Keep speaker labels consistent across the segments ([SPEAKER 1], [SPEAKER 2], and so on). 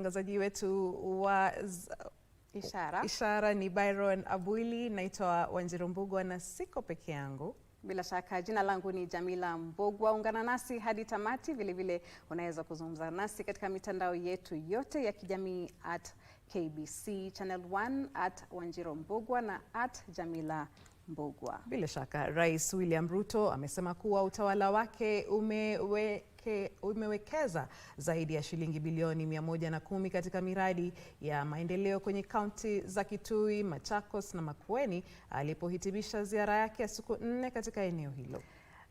[SPEAKER 1] Mtangazaji wetu wa Ishara. Ishara ni Byron Abwili, naitwa Wanjiru Mbugwa na siko peke yangu.
[SPEAKER 2] Bila shaka jina langu ni Jamila Mbogwa. Ungana nasi hadi tamati. Vilevile unaweza kuzungumza nasi katika mitandao yetu yote ya kijamii at KBC Channel 1 at Wanjiru Mbogwa na at Jamila Mbogwa.
[SPEAKER 1] Bila shaka Rais William Ruto amesema kuwa utawala wake umewe umeweke, umewekeza zaidi ya shilingi bilioni kumi katika miradi ya maendeleo kwenye kaunti za Kitui, Machakos na Makueni alipohitimisha ziara yake ya siku nne katika eneo hilo.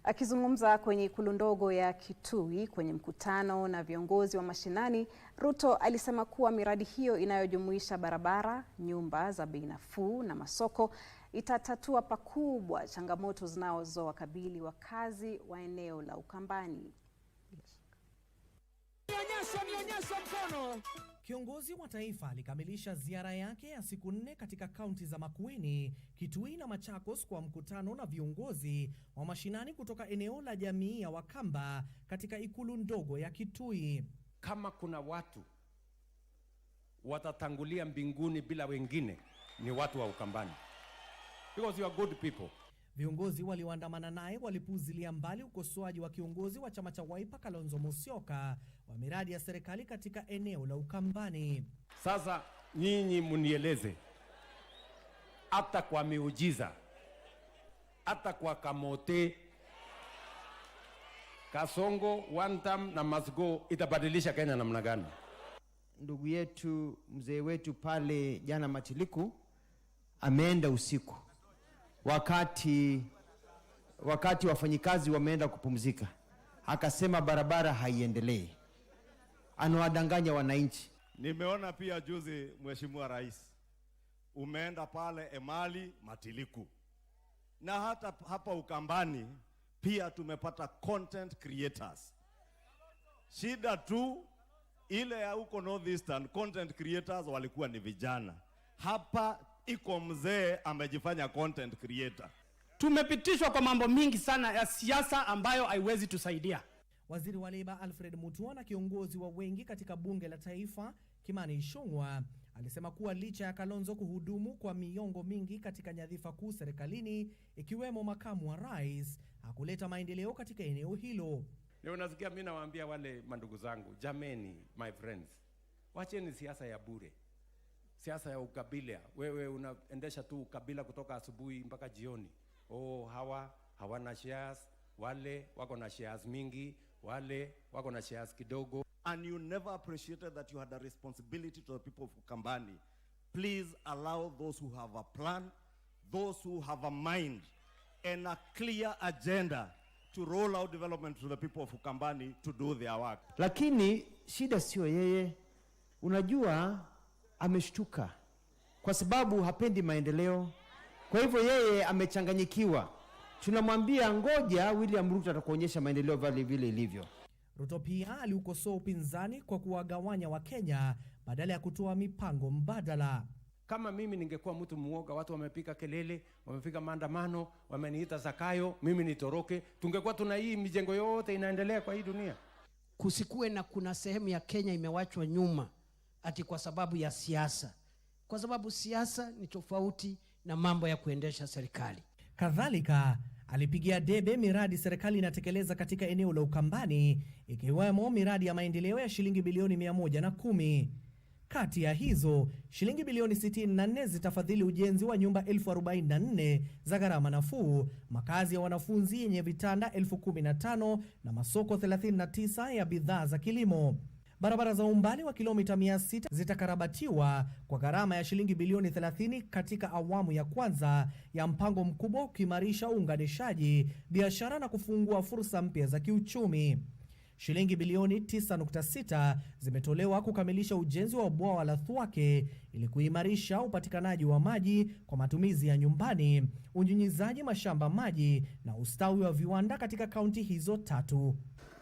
[SPEAKER 2] Akizungumza kwenye ikulu ndogo ya Kitui kwenye mkutano na viongozi wa mashinani, Ruto alisema kuwa miradi hiyo inayojumuisha barabara, nyumba za bei nafuu na masoko itatatua pakubwa changamoto zinazowakabili wakazi wa eneo la Ukambani.
[SPEAKER 1] Kiongozi wa taifa alikamilisha ziara yake ya siku nne katika kaunti za Makueni, Kitui na Machakos kwa mkutano na viongozi wa mashinani kutoka eneo la jamii ya Wakamba katika ikulu ndogo ya Kitui.
[SPEAKER 3] Kama kuna watu watatangulia mbinguni bila wengine, ni watu wa Ukambani. Because you are good people.
[SPEAKER 1] Viongozi walioandamana naye walipuuzilia mbali ukosoaji wa kiongozi wa chama cha waipa Kalonzo Musyoka wa miradi ya serikali katika eneo la Ukambani.
[SPEAKER 3] Sasa nyinyi mnieleze, hata kwa miujiza, hata kwa kamote, kasongo one time na masgo itabadilisha Kenya namna gani?
[SPEAKER 4] Ndugu yetu mzee wetu pale jana Matiliku ameenda usiku wakati, wakati wafanyikazi wameenda kupumzika, akasema barabara haiendelei, anawadanganya wananchi.
[SPEAKER 3] Nimeona pia juzi, Mheshimiwa Rais, umeenda pale Emali Matiliku na hata hapa Ukambani pia tumepata content creators. Shida tu ile ya huko northeastern content creators walikuwa ni vijana hapa iko mzee amejifanya content creator.
[SPEAKER 5] Tumepitishwa kwa mambo mingi sana ya siasa ambayo haiwezi tusaidia.
[SPEAKER 1] Waziri wa Leba Alfred Mutua na kiongozi wa wengi katika bunge la taifa Kimani shungwa alisema kuwa licha ya Kalonzo kuhudumu kwa miongo mingi katika nyadhifa kuu serikalini ikiwemo makamu wa rais, hakuleta maendeleo katika eneo hilo.
[SPEAKER 3] Leo unasikia mimi nawaambia wale mandugu zangu, jameni, my friends, wacheni siasa ya bure siasa ya ukabila. Wewe unaendesha tu ukabila kutoka asubuhi mpaka jioni. Oh, hawa hawana shares, wale wako na shares mingi, wale wako na shares kidogo.
[SPEAKER 6] And you never appreciated that you had a responsibility to the people of Ukambani. Please allow those who have a plan, those who have a mind and a clear agenda to roll out development to the people of Ukambani to do their work.
[SPEAKER 4] Lakini shida sio yeye, unajua ameshtuka, kwa sababu hapendi maendeleo. Kwa hivyo yeye amechanganyikiwa. Tunamwambia ngoja, William Ruto atakuonyesha maendeleo vile vile ilivyo.
[SPEAKER 1] Ruto pia aliukosoa upinzani kwa kuwagawanya Wakenya badala ya kutoa mipango mbadala.
[SPEAKER 3] Kama mimi ningekuwa mtu muoga, watu wamepiga kelele, wamepiga maandamano, wameniita Zakayo, mimi nitoroke, tungekuwa tuna hii mijengo yote inaendelea kwa hii dunia.
[SPEAKER 4] Kusikuwe na kuna sehemu ya Kenya imewachwa nyuma ati kwa sababu ya siasa, kwa sababu siasa ni tofauti na mambo ya kuendesha serikali.
[SPEAKER 1] Kadhalika alipigia debe miradi serikali inatekeleza katika eneo la Ukambani, ikiwemo miradi ya maendeleo ya shilingi bilioni 110. Kati ya hizo shilingi bilioni 64 zitafadhili ujenzi wa nyumba 44 za gharama nafuu, makazi ya wanafunzi yenye vitanda 15 na masoko 39 ya bidhaa za kilimo. Barabara za umbali wa kilomita 600 zitakarabatiwa kwa gharama ya shilingi bilioni 30 katika awamu ya kwanza ya mpango mkubwa wa kuimarisha uunganishaji, biashara na kufungua fursa mpya za kiuchumi. Shilingi bilioni 9.6 zimetolewa kukamilisha ujenzi wa bwawa la Thwake ili kuimarisha upatikanaji wa maji kwa matumizi ya nyumbani, unyunyizaji mashamba maji na ustawi wa viwanda katika kaunti hizo tatu.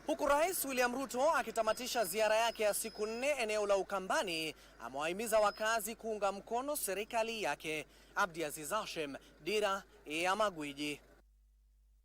[SPEAKER 7] Huku Rais William Ruto akitamatisha ziara yake ya siku nne eneo la Ukambani, amewahimiza wakazi kuunga mkono serikali yake. Abdi Aziz Hashim, Dira ya Magwiji.